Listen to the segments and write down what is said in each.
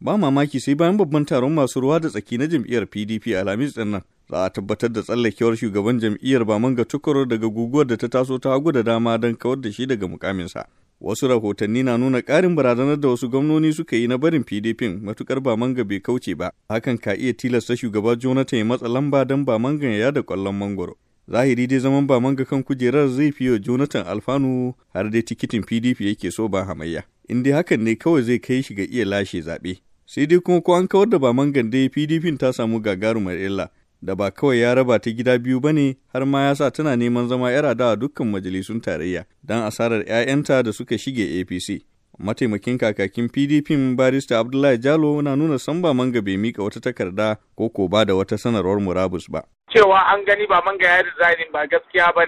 Ba mamaki sai bayan babban taron masu ruwa da tsaki na jam'iyyar PDP Alhamis ɗin nan za a tabbatar da tsallakewar shugaban jam'iyyar ba manga Tukuro daga guguwar da ta taso ta hagu da dama don kawar da shi daga mukaminsa. Wasu rahotanni na nuna ƙarin barazanar da wasu gwamnoni suka yi na barin PDP matukar manga bai kauce ba, hakan ka iya tilasta shugaba Jonathan ya matsa lamba don ba manga ya da kwallon mangoro. zahiri dai zaman ba manga kan kujerar zai fiye jonathan alfanu har dai tikitin pdp yake so ba hamayya in dai hakan ne kawai zai kai shi ga iya lashe zaɓe sai dai kuma ko an kawar da baman gande pdp ta samu gagarumar illa da ba kawai ya raba ta gida biyu ba har ma ya sa tana neman zama yar adawa dukkan majalisun tarayya don asarar 'ya'yanta da suka shige apc mataimakin kakakin pdp barista abdullahi jalo na nuna san ba manga bai mika wata takarda ko ko ba da wata sanarwar murabus ba cewa an gani ba manga ya resigning ba gaskiya ba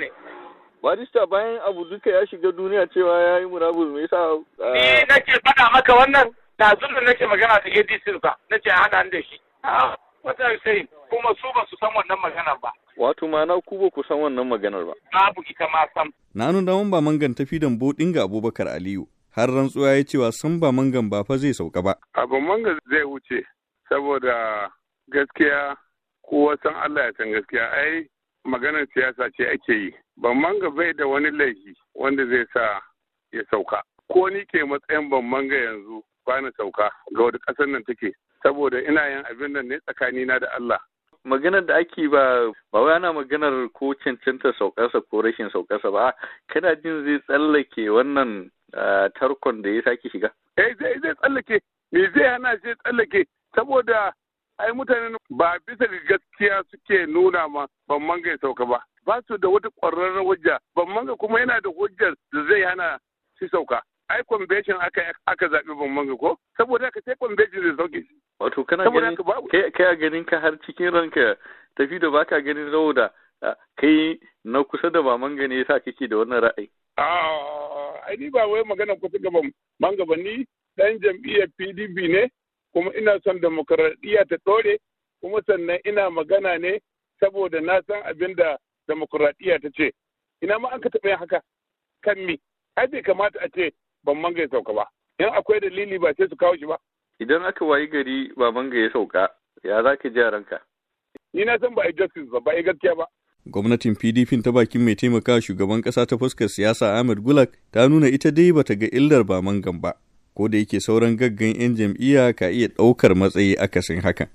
barista bayan abu duka ya shiga duniya cewa ya yi murabus mai sa. ni ah, nake faɗa maka wannan da zun nake magana da ADC ba nace hana da shi wata sai kuma su ba su san wannan maganar ba wato ma'ana ku ba ku san wannan maganar ba Na buki ka ma sam na nuna ba mangan tafi dan bodin ga Abubakar Aliyu har rantsuwa ya cewa san ba mangan ba fa zai sauka ba abin mangan zai wuce saboda gaskiya ko san Allah ya san gaskiya ai maganar siyasa ce ake yi ban manga bai da wani laifi wanda zai sa ya sauka ko ni ke matsayin ban manga yanzu kwana sauka ga wani ƙasar nan take saboda ina yin abin nan ne na da Allah. Maganar da ake ba ba wai ana maganar ko cancanta saukarsa ko rashin saukarsa ba kana jin zai tsallake wannan tarkon da ya sake shiga. Eh zai zai tsallake me zai hana shi tsallake saboda ai mutanen ba bisa ga gaskiya suke nuna ma ban manga sauka ba ba su da wata ƙwararren hujja ban manga kuma yana da hujjar da zai hana shi sauka ai convention aka aka zabi ban manga ko saboda haka sai convention zai sauke shi wato kana ganin kai kai a ganin ka har cikin ranka tafi da baka ganin saboda kai na kusa da ba manga ne yasa kake da wannan ra'ayi a ai ni ba wai magana kusa ga ban manga ba ni dan jam'iyyar PDP ne kuma ina son demokradiyya ta dore kuma sannan ina magana ne saboda na san abin da demokradiyya ta ce ina ma an ka taɓa haka kan mi ai bai kamata a ce ban manga ya sauka ba Yan akwai dalili ba sai su kawo shi ba idan aka wayi gari ba manga ya sauka ya za ka ji ranka ni na san ba a justice ba ba a gaskiya ba gwamnatin pdp ta bakin mai taimaka shugaban kasa ta fuskar siyasa ahmed gulak ta nuna ita dai bata ga illar ba mangan ba ko da yake sauran gaggan 'yan jam'iyya ka iya ɗaukar matsayi akasin hakan